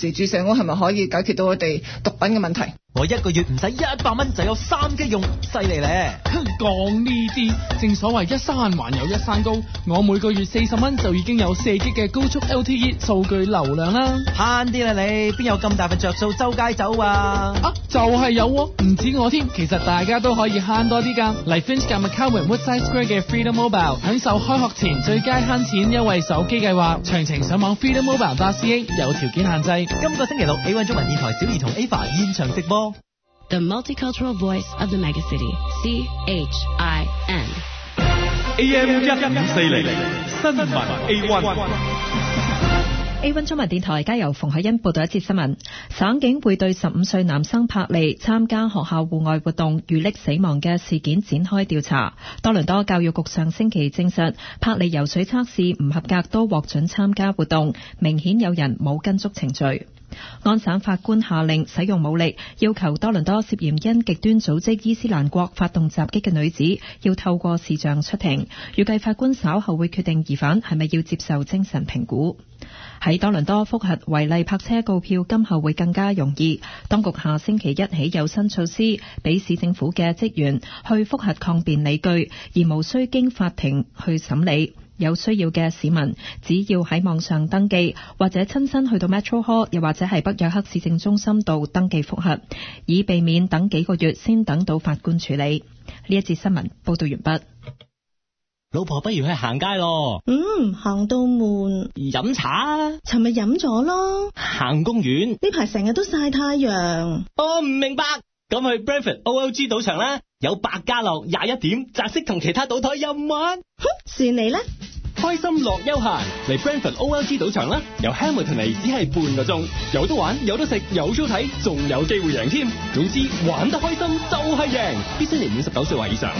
自住社屋係咪可以解決到我哋毒品嘅問題？我一個月唔使一百蚊就有三 G 用，犀利咧！講呢啲，正所謂一山還有一山高，我每個月四十蚊就已經有四 G 嘅高速 LTE 數據流量啦。慳啲啦你，邊有咁大份着數周街走啊？啊，就係有，唔止我添，其實大家都可以慳多啲噶。嚟 Finch 購物街 Woodside Square 嘅 Freedom Mobile 享受開學前最佳慳錢優惠手機計劃，詳情上網 FreedomMobile.ca，有條件限制。今個星期六 A One 中文電台小兒同 Ava 現場直播。The multicultural voice of the megacity. C H I N. A M 一五四零新聞。A one A one 中文電台，而家由馮海欣報道一節新聞。省警會對十五歲男生柏利參加學校戶外活動遇溺死亡嘅事件展開調查。多倫多教育局上星期證實，柏利游水測試唔合格都獲准參加活動，明顯有人冇跟足程序。安省法官下令使用武力，要求多倫多涉嫌因極端組織伊斯蘭國發動襲擊嘅女子要透過視像出庭。預計法官稍後會決定疑犯係咪要接受精神評估。喺多倫多覆核違例泊車告票，今後會更加容易。當局下星期一起有新措施，俾市政府嘅職員去覆核抗辯理據，而無需經法庭去審理。有需要嘅市民只要喺網上登記或者親身去到 Metro Hall，又或者係北約克市政中心度登記複核，以避免等幾個月先等到法官處理。呢一節新聞報道完畢。老婆不如去行街咯。嗯，行到悶，飲茶啊？尋日飲咗咯。行公園？呢排成日都曬太陽。我、哦、唔明白。咁去 Brantford OLG 賭場啦，有百家樂廿一點、骰色同其他賭台任玩。哼，算你啦。開心樂休閒嚟 Brantford OLG 賭場啦，由 Hamilton 嚟只係半個鐘，有得玩，有得食，有 show 睇，仲有機會贏添。總之玩得開心就係、是、贏，必須年滿十九歲或以上。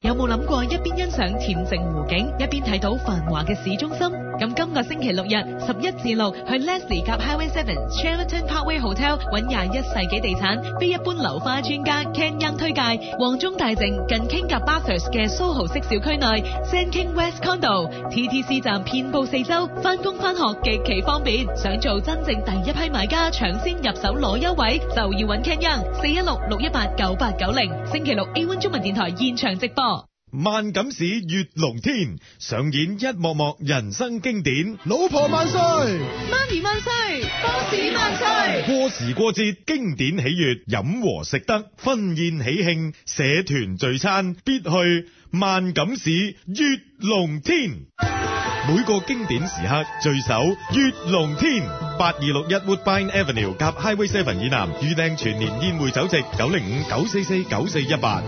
有冇諗過一邊欣賞恬靜湖景，一邊睇到繁華嘅市中心？咁今個星期六日十一至六去 Leslie 及 Highway Seven Charlton Parkway Hotel 揾廿一世紀地產非一般樓花專家 Ken Young 推介旺中大靜近 King 及 Bathurst 嘅 SoHo 式小區內 San King West Condo TTC 站遍布四周，返工返學極其方便。想做真正第一批買家，搶先入手攞優惠，就要揾 Ken Young 四一六六一八九八九零。星期六 A1 中文電台現場直播。萬錦市月龍天上演一幕幕人生經典，老婆萬歲，媽咪萬歲，boss 萬歲。過時過節經典喜悦，飲和食得，婚宴喜慶，社團聚餐必去萬錦市月龍天。每個經典時刻聚首月龍天，八二六一 Woodbine Avenue 加 Highway Seven 以南預訂全年宴會酒席，九零五九四四九四一八。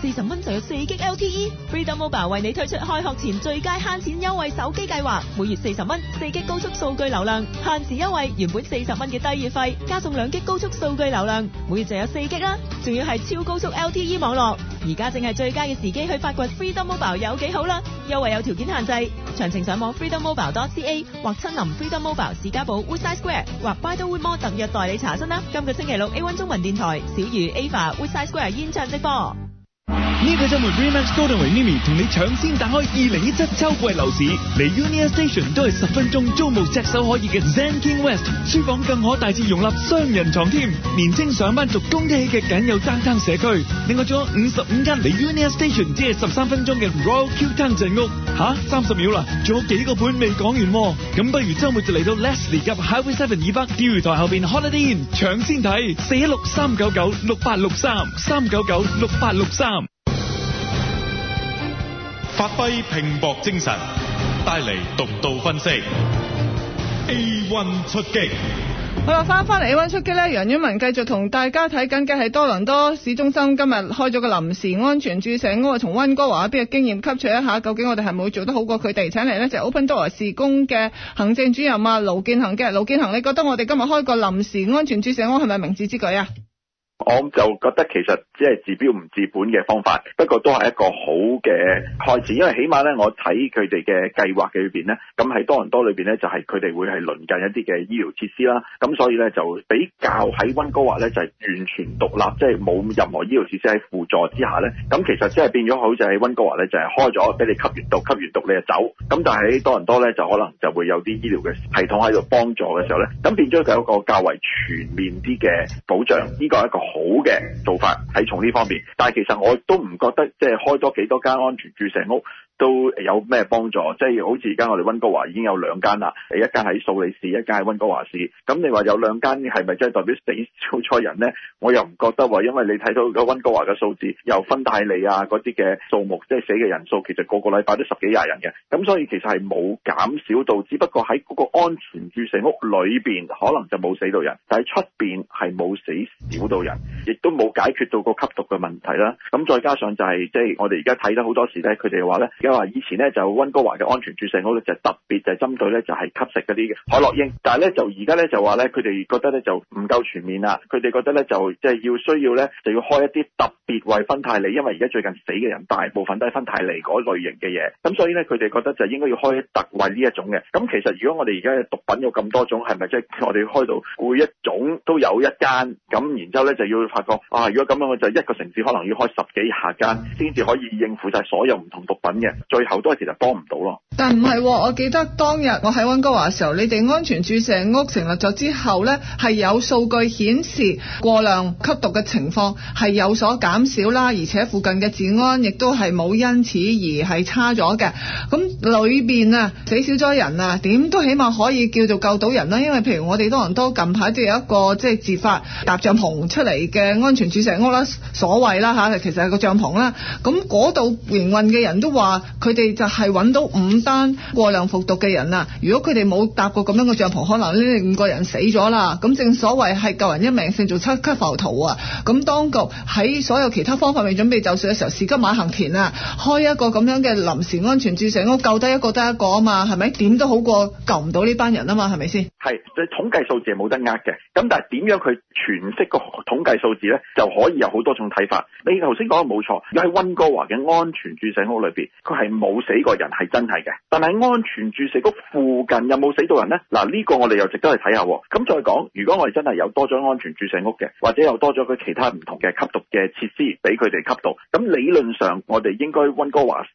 四十蚊就有四激 L T E Freedom Mobile 為你推出開學前最佳慳錢優惠手機計劃，每月四十蚊四激高速數據流量限時優惠，原本四十蚊嘅低月費加送兩激高速數據流量，每月就有四激啦，仲要係超高速 L T E 網絡。而家正係最佳嘅時機去發掘 Freedom Mobile 有幾好啦！優惠有條件限制，詳情上網 Freedom Mobile .dot C A 或親臨 Freedom Mobile 市家堡 Woodside Square 或 Buy Woodmore 特約代理查詢啦。今個星期六 A One 中文電台小魚 Ava Woodside Square 演唱直播。呢個周末 Remax Golden Way Mimi 同你搶先打開二零一七秋季樓市，嚟 Union Station 都係十分鐘，租屋炙手可熱嘅 Zen King West，書房更可大至容納雙人床添。年輕上班族供得起嘅僅有單爭社區，另外仲有五十五間嚟 Union Station 只係十三分鐘嘅 Royal Q Town 鎮屋。吓，三十秒啦，仲有幾個盤未講完，哦，咁不如周末就嚟到 Leslie 及 Highway Seven 以北電視台後邊 Holiday Inn，搶先睇四一六三九九六八六三三九九六八六三。發揮拼搏精神，帶嚟獨到分析。A1 出擊，好喇，翻返嚟 A1 出擊咧，楊婉文繼續同大家睇緊嘅係多倫多市中心今日開咗個臨時安全注射屋，從温哥華一啲嘅經驗吸取一下，究竟我哋係冇做得好過佢哋？請嚟咧就係 Open Door 事工嘅行政主任嘛，盧建恒。嘅盧建恒，你覺得我哋今日開個臨時安全注射屋係咪明智之舉啊？我就覺得其實只係治標唔治本嘅方法，不過都係一個好嘅開始，因為起碼咧，我睇佢哋嘅計劃裏邊咧，咁喺多倫多裏邊咧，就係佢哋會係鄰近一啲嘅醫療設施啦。咁所以咧就比較喺溫哥華咧就係、是、完全獨立，即係冇任何醫療設施喺輔助之下咧。咁其實即係變咗好似溫哥華呢就喺溫哥華咧就係開咗俾你吸完毒，吸完毒你就走。咁但係喺多倫多咧就可能就會有啲醫療嘅系統喺度幫助嘅時候咧，咁變咗佢有一個較為全面啲嘅保障。呢個係一個。好嘅做法喺從呢方面，但係其實我都唔覺得即係開多幾多間安全注射屋，都有咩幫助？即係好似而家我哋温哥華已經有兩間啦，一間喺素里市，一間喺温哥華市。咁你話有兩間係咪真係代表死少咗人呢？我又唔覺得喎，因為你睇到温哥華嘅數字，由分大利啊嗰啲嘅數目，即係死嘅人數，其實個個禮拜都十幾廿人嘅。咁所以其實係冇減少到，只不過喺嗰個安全住成屋裏面可能就冇死到人，但係出面係冇死少到人，亦都冇解決到個吸毒嘅問題啦。咁再加上就係即係我哋而家睇得好多時咧，佢哋話咧。佢話以前咧就温哥華嘅安全注射屋咧就特別就係、是、針對咧就係、是、吸食嗰啲嘅海洛因，但係咧就而家咧就話咧佢哋覺得咧就唔夠全面啦，佢哋覺得咧就即係、就是、要需要咧就要開一啲特別為芬太尼，因為而家最近死嘅人大部分都係芬太尼嗰類型嘅嘢，咁所以咧佢哋覺得就應該要開特為呢一種嘅。咁其實如果我哋而家嘅毒品有咁多種，係咪即係我哋要開到每一種都有一間？咁然之後咧就要發覺啊，如果咁樣嘅就一個城市可能要開十幾下間先至可以應付晒所有唔同毒品嘅。最後多時就幫唔到咯。但唔係、哦，我記得當日我喺温哥華嘅時候，你哋安全注射屋成立咗之後呢，係有數據顯示過量吸毒嘅情況係有所減少啦，而且附近嘅治安亦都係冇因此而係差咗嘅。咁裏面啊，死少咗人啊，點都起碼可以叫做救到人啦、啊。因為譬如我哋多倫多近排都有一個即係、就是、自發搭帳篷出嚟嘅安全注射屋啦，所謂啦、啊、吓，其實係個帳篷啦、啊。咁嗰度營運嘅人都話。佢哋就係揾到五單過量服毒嘅人啦。如果佢哋冇搭過咁樣嘅帳篷，可能呢五個人死咗啦。咁正所謂係救人一命勝造七級浮屠啊。咁當局喺所有其他方法未準備就緒嘅時候，士急馬行田啊，開一個咁樣嘅臨時安全注射屋，救得一個得一個啊嘛，係咪？點都好過救唔到呢班人啊嘛，係咪先？係，所以統計數字係冇得呃嘅。咁但係點樣去詮釋個統計數字咧，就可以有好多種睇法。你頭先講嘅冇錯，你喺温哥華嘅安全注射屋裏邊，係冇死過人，係真係嘅。但係安全注射屋附近有冇死到人呢？嗱，呢個我哋又值得去睇下。咁再講，如果我哋真係有多咗安全注射屋嘅，或者又多咗佢其他唔同嘅吸毒嘅設施俾佢哋吸毒，咁理論上我哋應該溫哥華市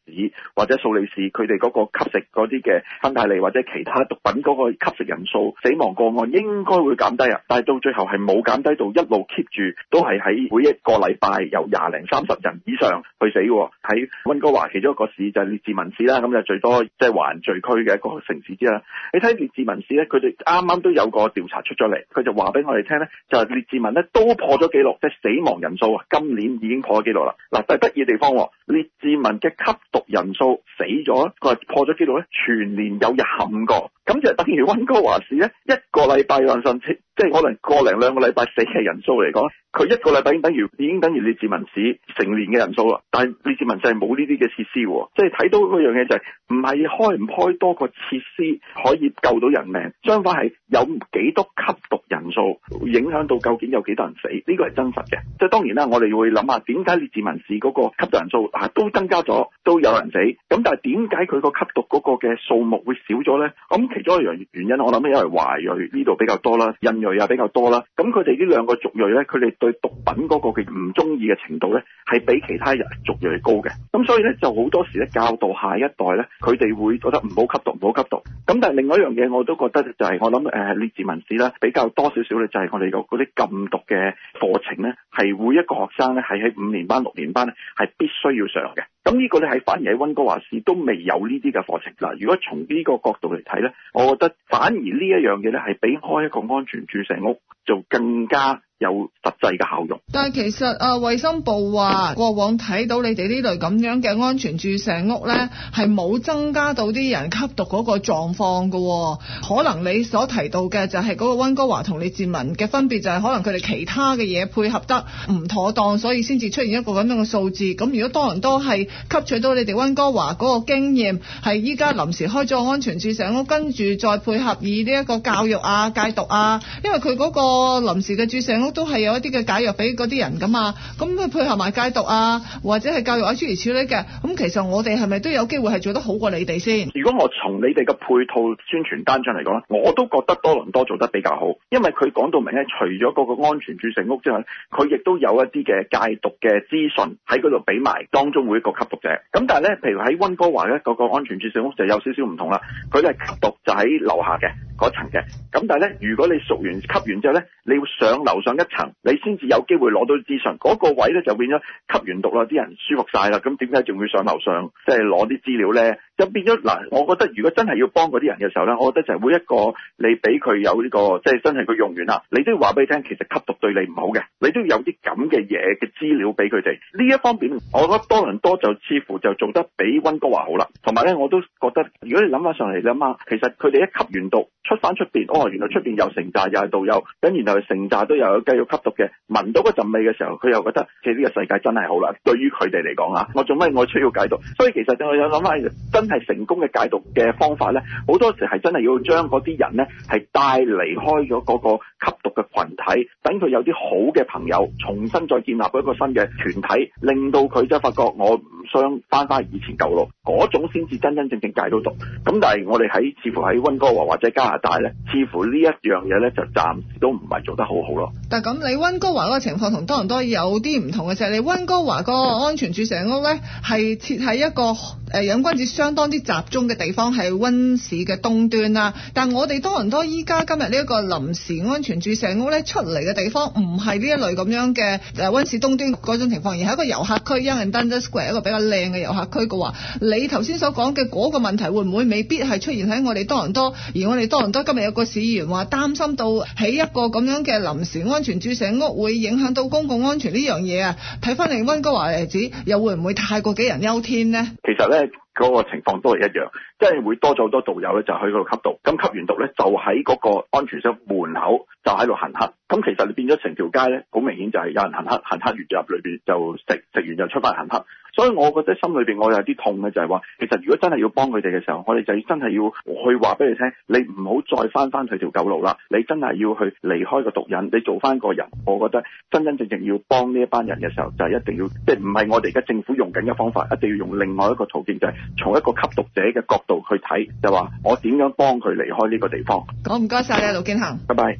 或者素里市佢哋嗰個吸食嗰啲嘅芬太尼或者其他毒品嗰個吸食人數死亡個案應該會減低啊。但係到最後係冇減低到，一路 keep 住都係喺每一個禮拜有廿零三十人以上去死喎。喺溫哥華其中一個市，就係、列治文市啦，咁就最多即係環聚區嘅一個城市之一啦。你睇列治文市咧，佢哋啱啱都有個調查出咗嚟，佢就話俾我哋聽咧，就係、列治文咧都破咗記錄，即、就、係、是、死亡人數啊，今年已經破咗記錄啦。嗱，但係得意嘅地方，列治文嘅吸毒人數死咗佢係破咗記錄咧，全年有廿五個，咁就等於溫哥華市咧一個禮拜甚至即係、就是、可能過零兩個禮拜死嘅人數嚟講，佢一個禮拜已經等於已經等於列治文市成年嘅人數啦。但係列治文就係冇呢啲嘅設施。即係睇到嗰樣嘢就係唔係開唔開多個設施可以救到人命，相反係有幾多吸毒人數影響到究竟有幾多人死？呢個係真實嘅。即係當然啦，我哋會諗下點解列治文市嗰個吸毒人數啊都增加咗，都有人死。咁但係點解佢個吸毒嗰個嘅數目會少咗咧？咁其中一樣原因呢，我諗因為華裔呢度比較多啦，印裔又比較多啦。咁佢哋呢兩個族裔咧，佢哋對毒品嗰個嘅唔中意嘅程度咧，係比其他人族裔高嘅。咁所以咧就好多時教導下一代咧，佢哋會覺得唔好吸毒，唔好吸毒。咁但係另外一樣嘢，我都覺得就係、是、我諗誒、呃，列治文市咧比較多少少咧，就係我哋嗰啲禁毒嘅課程咧，係每一個學生咧係喺五年班、六年班咧係必須要上嘅。咁呢個咧喺反而喺温哥華市都未有呢啲嘅課程嗱。如果從呢個角度嚟睇咧，我覺得反而呢一樣嘢咧係比開一個安全注射屋就更加。有實際嘅效用，但係其實啊，衛生部話過往睇到你哋呢類咁樣嘅安全注射屋咧，係冇增加到啲人吸毒嗰個狀況噶。可能你所提到嘅就係嗰個温哥華同列治文嘅分別，就係可能佢哋其他嘅嘢配合得唔妥當，所以先至出現一個咁樣嘅數字。咁如果多倫多係吸取到你哋温哥華嗰個經驗，係依家臨時開咗安全注射屋，跟住再配合以呢一個教育啊戒毒啊，因為佢嗰個臨時嘅注射屋。都都係有一啲嘅解藥俾嗰啲人㗎嘛，咁佢配合埋戒毒啊，或者係教育啊諸如此類嘅，咁其實我哋係咪都有機會係做得好過你哋先？如果我從你哋嘅配套宣傳單張嚟講咧，我都覺得多倫多做得比較好，因為佢講到明咧，除咗嗰個安全注射屋之外，佢亦都有一啲嘅戒毒嘅資訊喺嗰度俾埋當中每一個吸毒者。咁但係咧，譬如喺温哥華咧，嗰個安全注射屋就有少少唔同啦，佢咧吸毒就喺樓下嘅。嗰層嘅，咁但係咧，如果你熟完吸完之後咧，你要上樓上一層，你先至有機會攞到資訊。嗰個位咧就變咗吸完毒啦，啲人舒服晒啦。咁點解仲要上樓上，即係攞啲資料咧？就變咗嗱，我覺得如果真係要幫嗰啲人嘅時候咧，我覺得就每一個你俾佢有呢個，即係真係佢用完啦，你都要話俾佢聽，其實吸毒對你唔好嘅，你都要有啲咁嘅嘢嘅資料俾佢哋。呢一方面，我覺得多倫多就似乎就做得比溫哥華好啦。同埋咧，我都覺得如果你諗翻上嚟，你諗下，其實佢哋一吸完毒出翻出面哦，原來出面有城寨又成紮又係導遊，咁然後成紮都有繼續吸毒嘅，聞到嗰陣味嘅時候，佢又覺得其實呢個世界真係好啦。對於佢哋嚟講啊，我做咩？我需要戒毒？所以其實我有諗翻。真係成功嘅戒毒嘅方法呢，好多時係真係要將嗰啲人呢係帶離開咗嗰個吸毒嘅群體，等佢有啲好嘅朋友重新再建立一個新嘅團體，令到佢就發覺我唔想翻返以前舊路，嗰種先至真真正正戒到毒。咁但係我哋喺似乎喺温哥華或者加拿大呢，似乎呢一樣嘢呢，就暫時都唔係做得好好咯。但咁，你温哥華嗰個情況同多倫多有啲唔同嘅，就係、是、你温哥華個安全注射屋呢，係設喺一個誒、呃、隱君子箱。當啲集中嘅地方係溫市嘅東端啦，但我哋多倫多依家今日呢一個臨時安全注射屋咧出嚟嘅地方，唔係呢一類咁樣嘅誒溫市東端嗰種情況，而係一個遊客區 Yonge and Dundas Square 一個比較靚嘅遊客區嘅話，你頭先所講嘅嗰個問題會唔會未必係出現喺我哋多倫多？而我哋多倫多今日有個市議員話擔心到起一個咁樣嘅臨時安全注射屋會影響到公共安全呢樣嘢啊？睇翻嚟溫哥華例子又會唔會太過杞人憂天呢？其實咧。嗰個情況都係一樣，即係會多咗好多道友咧，就去嗰度吸毒，咁吸完毒咧就喺嗰個安全室門口就喺度行乞，咁其實你變咗成條街咧，好明顯就係有人行乞，行乞完入裏面，就食，食完就出翻行乞。所以我覺得心裏邊我有啲痛嘅，就係話其實如果真係要幫佢哋嘅時候，我哋就真係要去話俾佢聽，你唔好再翻翻佢條舊路啦，你真係要去離開個毒癮，你做翻個人。我覺得真真正正要幫呢一班人嘅時候，就係一定要即係唔係我哋而家政府用緊嘅方法，一定要用另外一個途徑，就係從一個吸毒者嘅角度去睇，就話我點樣幫佢離開呢個地方。好，唔該曬你，盧建行。拜拜。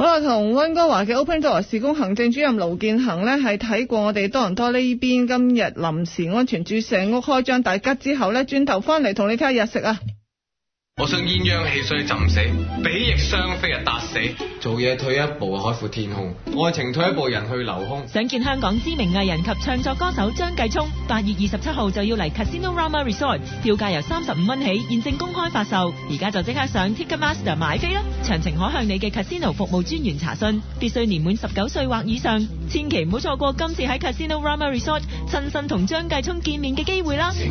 好啦，同溫哥華嘅 OpenDoor 施工行政主任盧建恒咧，係睇過我哋多倫多呢邊今日臨時安全住成屋開張大吉之後咧，轉頭翻嚟同你睇下日食啊！我想鴛鴦戲水浸死，比翼雙飛啊打死。做嘢退一步，海闊天空；愛情退一步，人去樓空。想見香港知名藝人及唱作歌手張繼聰，八月二十七號就要嚟 Casino Rama Resort，票價由三十五蚊起，現正公開發售，而家就即刻上 Ticketmaster 買飛啦。詳情可向你嘅 Casino 服務專員查詢，必須年滿十九歲或以上，千祈唔好錯過今次喺 Casino Rama Resort 親身同張繼聰見面嘅機會啦。情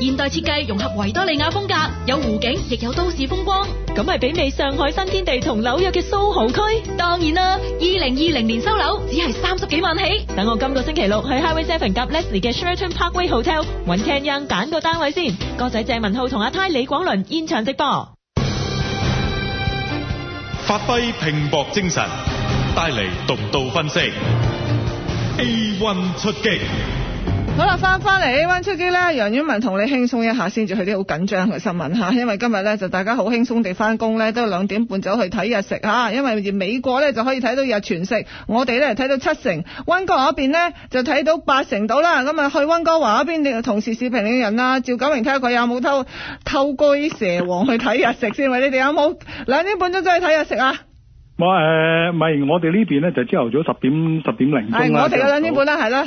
現代設計融合維多利亞風格，有湖景，亦有都市風光。咁係媲美上海新天地同紐約嘅蘇豪區。當然啦，二零二零年收樓只係三十幾萬起。等我今個星期六去 Highway Seven 及 Leslie 嘅 Sheraton Parkway Hotel，揾 Kenyon，揀個單好啦，翻翻嚟 A1 出擊咧，楊婉文同你輕鬆一下先，至去啲好緊張嘅新聞吓，因為今日咧就大家好輕鬆地翻工咧，都兩點半走去睇日食吓，因為而美國咧就可以睇到日全食，我哋咧睇到七成，溫哥華嗰邊咧就睇到八成到啦，咁啊去溫哥華嗰邊同事視頻嘅人啦，趙九明睇下佢有冇偷偷過蛇王去睇日食先，喂你哋有冇兩點半都走去睇日食啊？冇，係、呃，係，我哋呢邊咧就朝頭早十點十點零鐘、哎、我哋嘅兩點半啦，係啦。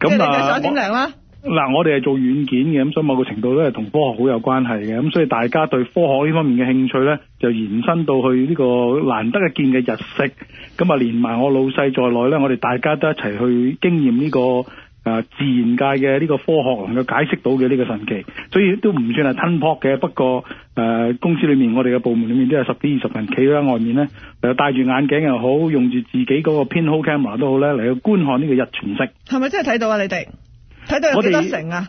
咁你想點樣啦？嗱，我哋係做軟件嘅，咁所以某個程度都係同科學好有關係嘅。咁所以大家對科學呢方面嘅興趣咧，就延伸到去呢個難得一見嘅日食。咁啊，連埋我老細在內咧，我哋大家都一齊去經驗呢個。啊！自然界嘅呢個科學能夠解釋到嘅呢個神奇，所以都唔算係突破嘅。不過，誒、呃、公司裏面我哋嘅部門裏面都有十幾二十人企喺外面呢，又戴住眼鏡又好，用住自己嗰個 pinhole camera 都好呢，嚟去觀看呢個日全食係咪真係睇到啊？你哋睇到有幾多成啊？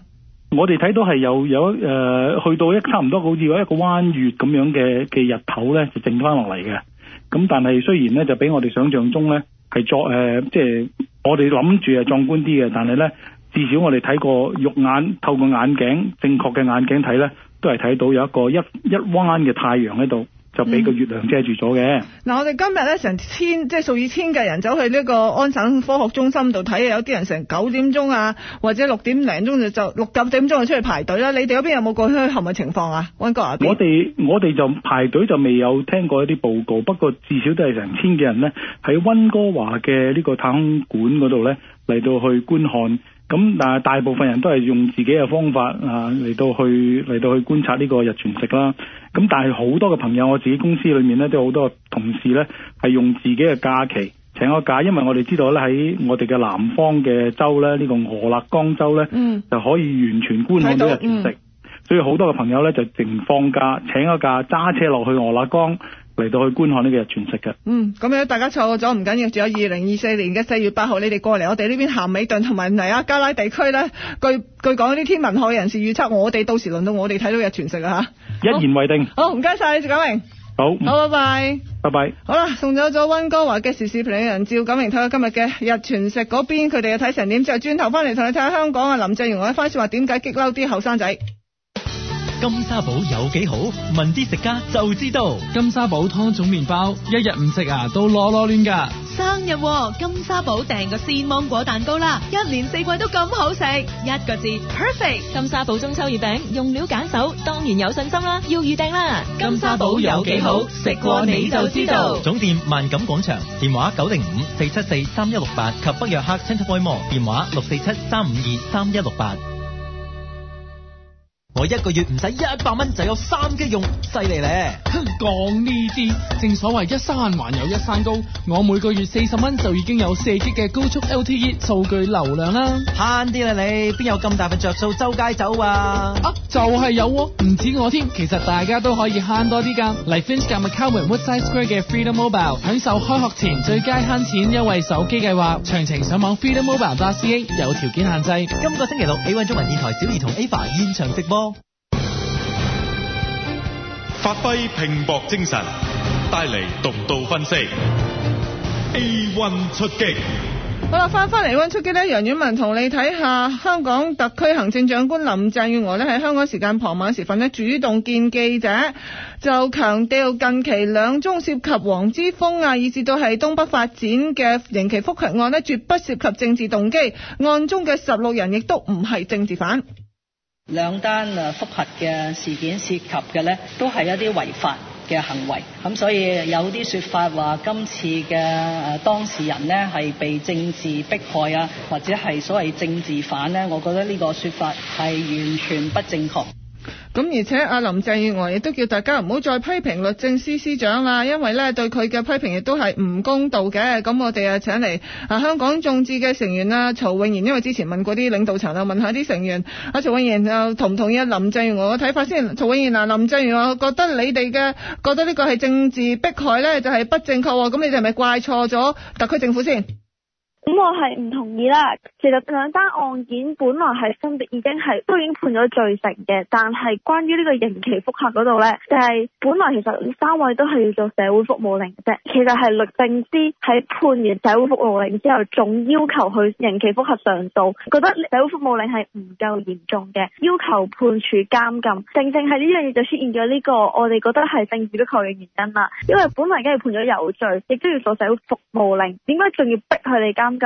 我哋睇到係有有誒、呃，去到一差唔多好似一個彎月咁樣嘅嘅日頭呢，就剩翻落嚟嘅。咁但係雖然呢，就比我哋想象中呢。係作誒，即、呃、係、就是、我哋諗住係壯觀啲嘅，但係咧，至少我哋睇過肉眼，透過眼鏡，正確嘅眼鏡睇咧，都係睇到有一個一一彎嘅太陽喺度。就俾個月亮遮住咗嘅。嗱、嗯，我哋今日咧成千，即係數以千嘅人走去呢個安省科學中心度睇啊！有啲人成九點鐘啊，或者六點零鐘就六九點鐘就出去排隊啦、啊。你哋嗰邊有冇過去後嘅情況啊？温哥華？我哋我哋就排隊就未有聽過一啲報告，不過至少都係成千嘅人咧，喺温哥華嘅呢個太空館嗰度咧嚟到去觀看。咁但係大部分人都係用自己嘅方法啊，嚟到去嚟到去觀察呢個日全食啦。咁、啊、但係好多嘅朋友，我自己公司裏面咧都有好多同事呢，係用自己嘅假期請個假，因為我哋知道咧喺我哋嘅南方嘅州呢，呢、呢個俄勒岡州呢、嗯，就可以完全觀看呢個日全食、嗯，所以好多嘅朋友呢，就淨放假請個假揸車落去俄勒岡。嚟到去觀看呢個日全食嘅。嗯，咁樣大家錯過咗唔緊要，仲有二零二四年嘅四月八號，你哋過嚟我哋呢邊咸美頓同埋尼亞加拉地區咧，據據講啲天文學人士預測我，我哋到時輪到我哋睇到日全食啊嚇！一言為定。好，唔該晒。趙錦榮。好，好，拜拜，拜拜。好啦，送走咗溫哥華嘅時事評論人趙錦榮，睇下今日嘅日全食嗰邊，佢哋又睇成點之後，轉頭翻嚟同你睇下香港啊，林鄭月娥一番說話點解激嬲啲後生仔。金沙堡有幾好？問啲食家就知道。金沙堡湯種麵包，一日唔食啊都囉囉攣噶。生日喎，金沙堡訂個鮮芒果蛋糕啦！一年四季都咁好食，一個字 Perfect。金沙堡中秋月餅用料揀手，當然有信心啦。要預訂啦。金沙堡有幾好？食過你就知道。總店萬錦廣場，電話九零五四七四三一六八及北約克 Centerpoint Mall，電話六四七三五二三一六八。我一個月唔使一百蚊就有三 G 用，犀利咧！講呢啲，正所謂一山還有一山高，我每個月四十蚊就已經有四 G 嘅高速 LTE 數據流量啦。慳啲啦你，邊有咁大份着數周街走啊？啊，就係有，唔止我添，其實大家都可以慳多啲噶。嚟 Finch 嘅 Woodside Square 嘅 Freedom Mobile，享受開學前最佳慳錢優惠手機計劃，詳情上網 Freedom Mobile. C A，有條件限制。今個星期六 A One 中文電台小儀同 Ava 現場直播。發揮拼搏精神，帶嚟獨到分析。A One 出擊。好啦，翻返嚟溫出擊呢，楊婉文同你睇下，香港特區行政長官林鄭月娥呢喺香港時間傍晚時分呢主動見記者，就強調近期兩宗涉及黃之鋒啊，以至到係東北發展嘅刑期復核案呢絕不涉及政治動機，案中嘅十六人亦都唔係政治犯。兩單複核嘅事件涉及嘅呢，都係一啲違法嘅行為，咁所以有啲說法話「今次嘅當事人呢，係被政治迫害啊，或者係所謂政治犯呢。」我覺得呢個說法係完全不正確。咁而且阿林鄭月娥亦都叫大家唔好再批評律政司司長啦，因為咧對佢嘅批評亦都係唔公道嘅。咁我哋啊請嚟啊香港眾志嘅成員啦，曹永賢，因為之前問過啲領導層啊，問下啲成員阿曹永賢就同唔同意阿林鄭月娥嘅睇法先。曹永賢嗱，林鄭月娥覺得你哋嘅覺得呢個係政治迫害咧，就係不正確。咁你哋係咪怪錯咗特區政府先？咁我係唔同意啦。其實兩單案件本來係分別已經係都已經判咗罪成嘅，但係關於呢個刑期復核嗰度咧，就係、是、本來其實三位都係要做社會服務令啫。其實係律政司喺判完社會服務令之後，仲要求去刑期復核上訴，覺得社會服務令係唔夠嚴重嘅，要求判處監禁。正正係呢樣嘢就出現咗呢個我哋覺得係政治要求嘅原因啦。因為本來梗係判咗有罪，亦都要做社會服務令，點解仲要逼佢哋監？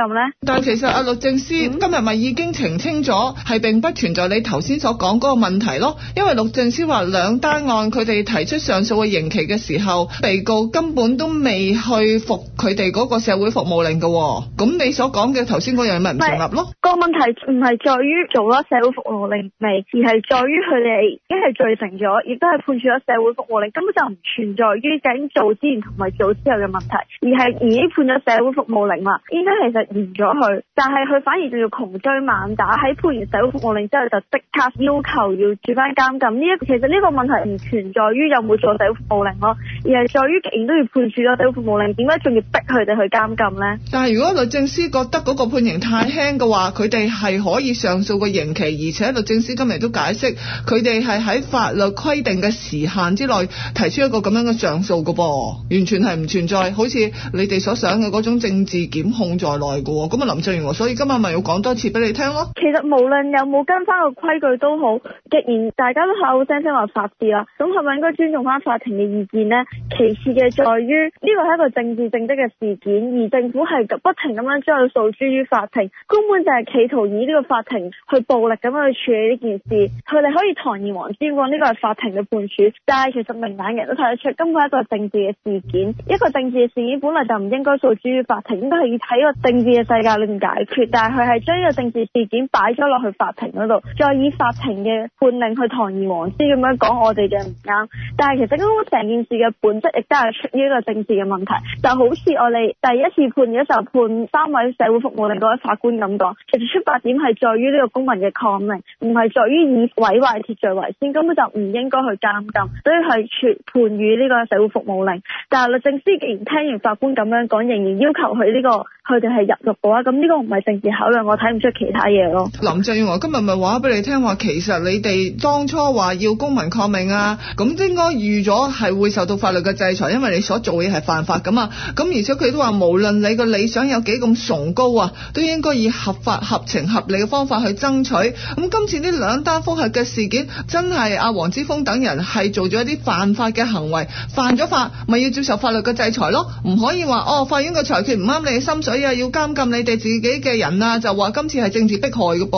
但係其實阿律政司今日咪已經澄清咗，係、嗯、並不存在你頭先所講嗰個問題咯。因為律政司話兩單案佢哋提出上訴嘅刑期嘅時候，被告根本都未去服佢哋嗰個社會服務令嘅。咁你所講嘅頭先嗰樣咪唔成立咯。個問題唔係在於做咗社會服務令未，而係在於佢哋已經係罪成咗，亦都係判處咗社會服務令，根本就唔存在於整做之前同埋做之後嘅問題，而係已經判咗社會服務令啦。依家其實。完咗佢，但係佢反而仲要窮追猛打，喺判完社會服務令之後就即刻要求要轉返監禁。呢一其實呢個問題唔存在於有冇做社會服務令咯，而係在於既然都要判處咗社會服務令，點解仲要逼佢哋去監禁咧？但係如果律政司覺得嗰個判刑太輕嘅話，佢哋係可以上訴個刑期，而且律政司今日亦都解釋佢哋係喺法律規定嘅時限之內提出一個咁樣嘅上訴㗎噃，完全係唔存在好似你哋所想嘅嗰種政治檢控在內。咁啊林鄭，所以今日咪要講多次俾你聽咯。其實無論有冇跟翻個規矩都好，既然大家都口口聲聲話法治啦，咁係咪應該尊重翻法庭嘅意見呢？其次嘅在於呢個係一個政治正職嘅事件，而政府係不停咁樣將佢訴諸於法庭，根本就係企圖以呢個法庭去暴力咁樣去處理呢件事。佢哋可以堂而皇之講呢個係法庭嘅判處，但係其實明眼人都睇得出，根本係一個政治嘅事件，一個政治嘅事件本來就唔應該訴諸於法庭，應該係要睇個政治嘅世界你唔解決，但係佢係將呢個政治事件擺咗落去法庭嗰度，再以法庭嘅判令去堂而皇之咁樣講我哋嘅唔啱。但係其實根本成件事嘅本質亦都係出於一個政治嘅問題。就好似我哋第一次判嘅時候判三位社會服務令嗰個法官咁講，其實出發點係在於呢個公民嘅抗命，唔係在於以毀壞秩序為先，根本就唔應該去監禁，所以係判判予呢個社會服務令。但係律政司既然聽完法官咁樣講，仍然要求佢呢個。佢哋係入獄嘅話，咁呢個唔係政治考量，我睇唔出其他嘢咯。林鄭月娥今日咪話俾你聽話，其實你哋當初話要公民抗命啊，咁應該預咗係會受到法律嘅制裁，因為你所做嘢係犯法㗎嘛。咁而且佢都話，無論你個理想有幾咁崇高啊，都應該以合法、合情、合理嘅方法去爭取。咁今次呢兩單覆核嘅事件，真係阿黃之鋒等人係做咗一啲犯法嘅行為，犯咗法咪要接受法律嘅制裁咯。唔可以話哦，法院嘅裁決唔啱你嘅心水。你啊，要監禁你哋自己嘅人啊，就話今次係政治迫害嘅噃。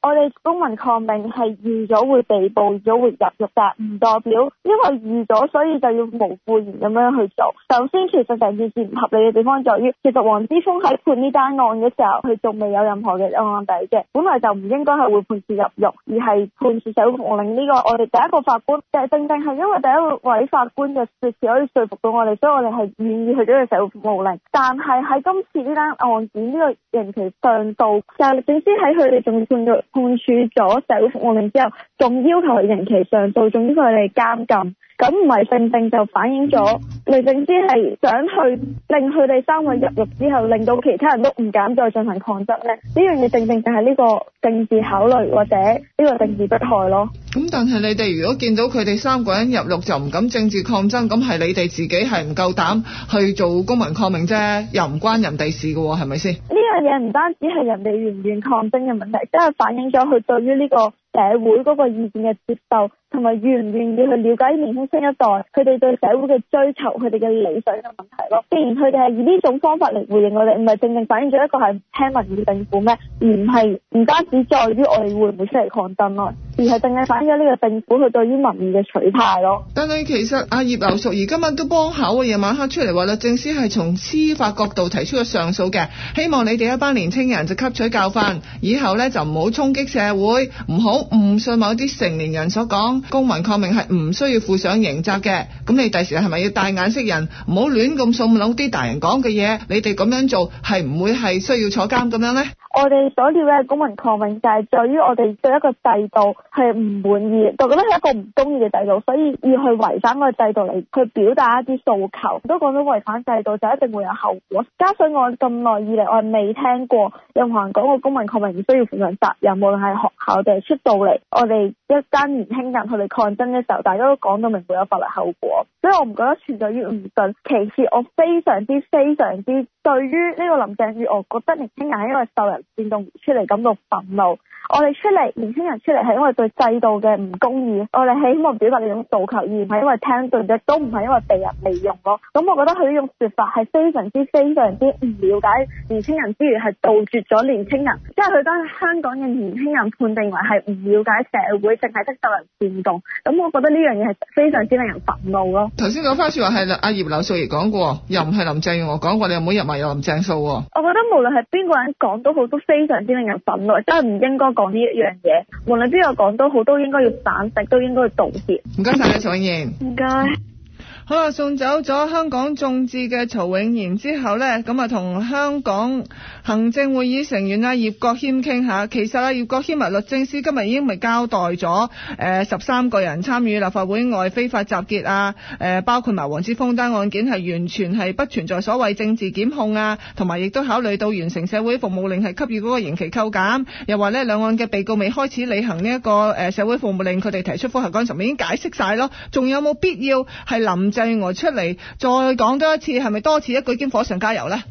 我哋公民抗命係預咗會被捕，預咗會入獄嘅，但唔代表因為預咗，所以就要無故然咁樣去做。首先，其實成件事唔合理嘅地方在於，其實黃之鋒喺判呢單案嘅時候，佢仲未有任何嘅案底嘅，本來就唔應該係會判處入獄，而係判處社會服務令呢個。我哋第一個法官，就正正係因為第一位法官嘅說詞可以說服到我哋，所以我哋係願意去咗個社會服務令。但係喺今次。呢單案件呢個刑期上訴，就總之喺佢哋仲判咗判處咗社會服務令之後，仲要求佢刑期上訴，仲要求佢哋監禁。咁唔係正正就反映咗律政司係想去令佢哋三位入獄之後，令到其他人都唔敢再進行抗爭咧？呢樣嘢正正就係呢個政治考慮或者呢個政治迫害咯。咁但係你哋如果見到佢哋三個人入獄就唔敢政治抗爭，咁係你哋自己係唔夠膽去做公民抗命啫，又唔關人哋事噶，係咪先？呢樣嘢唔單止係人哋願唔願抗爭嘅問題，即係反映咗佢對於呢個。社會嗰個意見嘅接受，同埋願唔願意去了解年輕新一代，佢哋對社會嘅追求，佢哋嘅理想嘅問題咯。既然佢哋係以呢種方法嚟回應我哋，唔係正正反映咗一個係聽民意政府咩？而唔係唔單止在於我哋會唔會出嚟抗爭咯，而係正正反映咗呢個政府佢對於民意嘅取態咯。但係其實阿葉劉淑儀今日都幫口嘅夜晚黑出嚟話律政司係從司法角度提出咗上訴嘅，希望你哋一班年青人就吸取教訓，以後咧就唔好衝擊社會，唔好。唔信某啲成年人所講，公民抗命係唔需要負上刑責嘅。咁你第時係咪要帶眼識人，唔好亂咁信某啲大人講嘅嘢，你哋咁樣做係唔會係需要坐監咁樣咧？我哋所料嘅公民抗命就係在於我哋對一個制度係唔滿意，就覺得係一個唔公義嘅制度，所以要去違反嗰個制度嚟去表達一啲訴求。都講到違反制度就一定會有後果。加上我咁耐以嚟，我係未聽過任何人講過公民抗命唔需要負上責任，無論係學校定係出到嚟，我哋一間年輕人佢哋抗爭嘅時候，大家都講到明會有法律後果。所以我唔覺得存在於唔信。其次，我非常之非常之對於呢個林鄭月娥，覺得年輕人係因為受人。變動出嚟感到憤怒。我哋出嚟，年輕人出嚟係因為對制度嘅唔公義，我哋係希望表達呢種訴求，而唔係因為聽對唔對，都唔係因為被人利用咯。咁我覺得佢呢種說法係非常之非常之唔了解年輕人之餘，係杜絕咗年輕人，即係佢將香港嘅年輕人判定為係唔了解社會，淨係得受人煽動。咁我覺得呢樣嘢係非常之令人憤怒咯。頭先講翻說話係阿葉劉淑儀講過，又唔係林鄭月娥講過，你有冇入埋有林鄭數？我覺得無論係邊個人講都好，都非常之令人憤怒，真係唔應該。講呢一樣嘢，無論邊個講都好，都應該要反省，都應該要道歉。唔該晒，啊曹永賢。唔該。好啦，送走咗香港眾志嘅曹永賢之後咧，咁啊同香港。行政會議成員啦，葉國謙傾下，其實啦，葉國謙係律政司，今日已經咪交代咗誒，十三個人參與立法會外非法集結啊，誒，包括埋黃之鋒單案件係完全係不存在所謂政治檢控啊，同埋亦都考慮到完成社會服務令係給予嗰個刑期扣減，又話呢兩案嘅被告未開始履行呢一個誒社會服務令，佢哋提出覆核觀，就咪已經解釋晒咯，仲有冇必要係林鄭娥出嚟再講多一次，係咪多此一舉兼火上加油呢？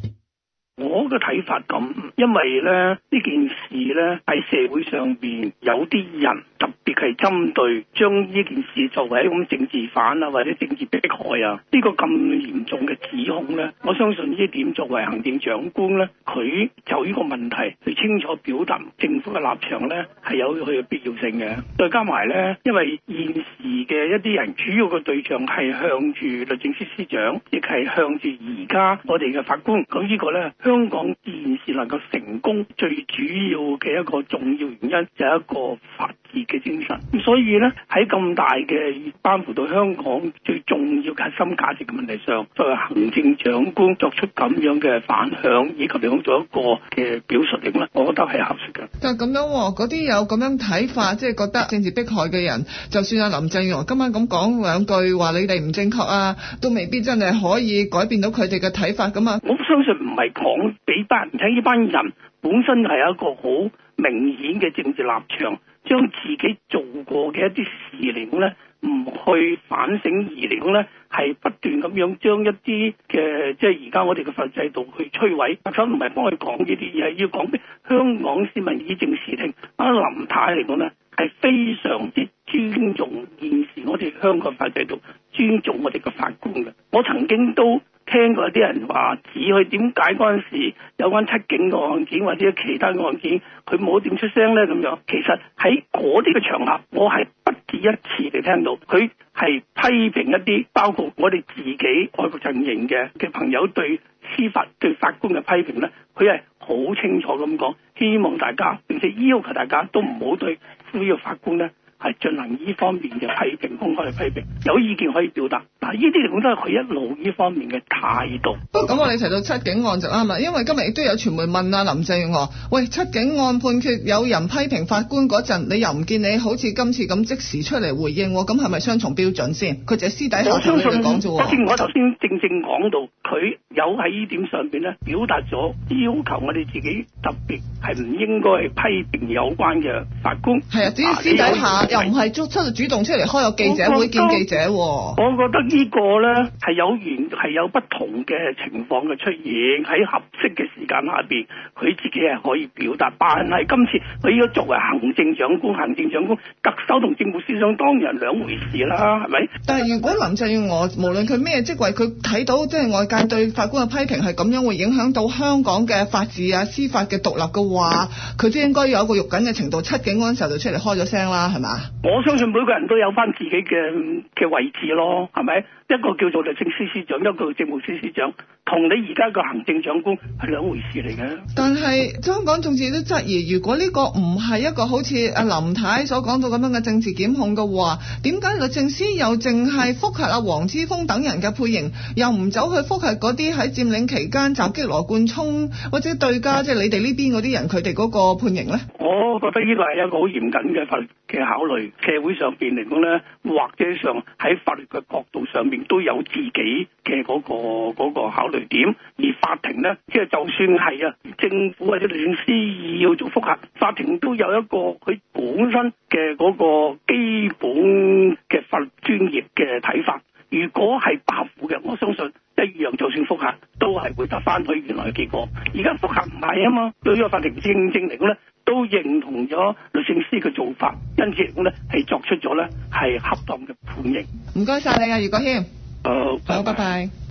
我個睇法咁，因為咧呢件事咧喺社會上面有啲人特別係針對將呢件事作為一種政治犯啊或者政治迫害啊呢個咁嚴重嘅指控咧，我相信呢點作為行政長官咧，佢就呢個問題去清楚表達政府嘅立場咧，係有佢嘅必要性嘅。再加埋咧，因為現時嘅一啲人主要嘅對象係向住律政司司長，亦係向住而家我哋嘅法官，咁呢個咧。香港自然能夠成功，最主要嘅一個重要原因，就係、是、一個法治嘅精神。所以咧喺咁大嘅關乎到香港最重要的核心價值嘅問題上，作為行政長官作出咁樣嘅反響以及你講咗一個嘅表述點咧，我覺得係合適嘅。但係咁樣嗰、啊、啲有咁樣睇法，即、就、係、是、覺得政治迫害嘅人，就算阿林鄭月娥今晚咁講兩句話，你哋唔正確啊，都未必真係可以改變到佢哋嘅睇法咁啊！我相信唔係。講俾班人聽呢班人本身係一個好明顯嘅政治立場，將自己做過嘅一啲事嚟講咧，唔去反省而嚟講咧，係不斷咁樣將一啲嘅即係而家我哋嘅法制度去摧毀。我唔係幫佢講呢啲嘢，係要講俾香港市民以正視聽啊。林太嚟講咧，係非常之尊重現時我哋香港法制度，尊重我哋嘅法官嘅。我曾經都，聽過啲人話，指佢點解嗰陣時有關七警嘅案件或者其他的案件佢冇點出聲呢？咁樣，其實喺嗰啲嘅場合，我係不止一次地聽到佢係批評一啲，包括我哋自己愛國陣營嘅嘅朋友對司法對法官嘅批評呢，佢係好清楚咁講，希望大家並且要求大家都唔好對呢個法官呢。係進行呢方面嘅批評，公開嘅批評，有意見可以表達。但係呢啲嚟講都係佢一路呢方面嘅態度。咁、哦、我哋提到七警案就啱啦，因為今日亦都有傳媒問啊林鄭話，喂，七警案判決有人批評法官嗰陣，你又唔見你好似今次咁即時出嚟回應，咁係咪雙重標準先？佢就係私底下同你講啫喎。我頭先正，正正講到，佢有喺呢點上邊咧表達咗要求我哋自己特別係唔應該批評有關嘅法官。係啊，只要私底下。又唔係出出就主動出嚟開個記者會見記者。我覺得呢個咧係有完係有不同嘅情況嘅出現喺合適嘅時間下邊，佢自己係可以表達。但係今次佢要作為行政長官、行政長官特首同政府思想，當然兩回事啦，係咪？但係如果林鄭月娥，無論佢咩職位，佢睇到即係外界對法官嘅批評係咁樣，會影響到香港嘅法治啊、司法嘅獨立嘅話，佢都應該有一個肉緊嘅程度，七警案嗰陣時候就出嚟開咗聲啦，係嘛？我相信每個人都有翻自己嘅嘅位置咯，係咪？一個叫做律政司司長，一個政務司司長，同你而家個行政長官係兩回事嚟嘅。但係香港眾志都質疑，如果呢個唔係一個好似阿林太所講到咁樣嘅政治檢控嘅話，點解律政司又淨係覆核阿黃之鋒等人嘅判刑，又唔走去覆核嗰啲喺佔領期間襲擊羅冠聰或者對家，即係你哋呢邊嗰啲人，佢哋嗰個判刑咧？我覺得呢個係一個好嚴謹嘅法律嘅考慮，社會上邊嚟講咧，或者上喺法律嘅角度上面。亦都有自己嘅嗰個嗰個考慮點，而法庭咧，即係就算係啊，政府或者律師要做復核，法庭都有一個佢本身嘅嗰個基本嘅法律專業嘅睇法。如果係白虎嘅，我相信。一樣就算覆核都係會得翻佢原來嘅結果。而家覆核唔係啊嘛，對於個法庭認證嚟講咧，都認同咗律政司嘅做法，因此嚟講咧係作出咗咧係恰當嘅判刑。唔該晒你啊，余國謙。誒，好，拜拜。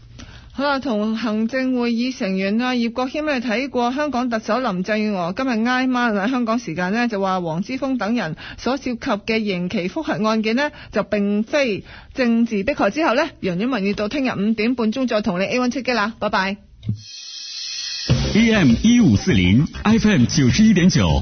好啦，同行政會議成員啊葉國謙，你睇過香港特首林鄭月娥今日挨晚喺香港時間呢，就話黃之鋒等人所涉及嘅刑期複核案件呢，就並非政治迫害。之後呢，楊婉文要到聽日五點半鐘再同你 A one 出擊啦，拜拜。AM 一五四零，FM 九十一點九。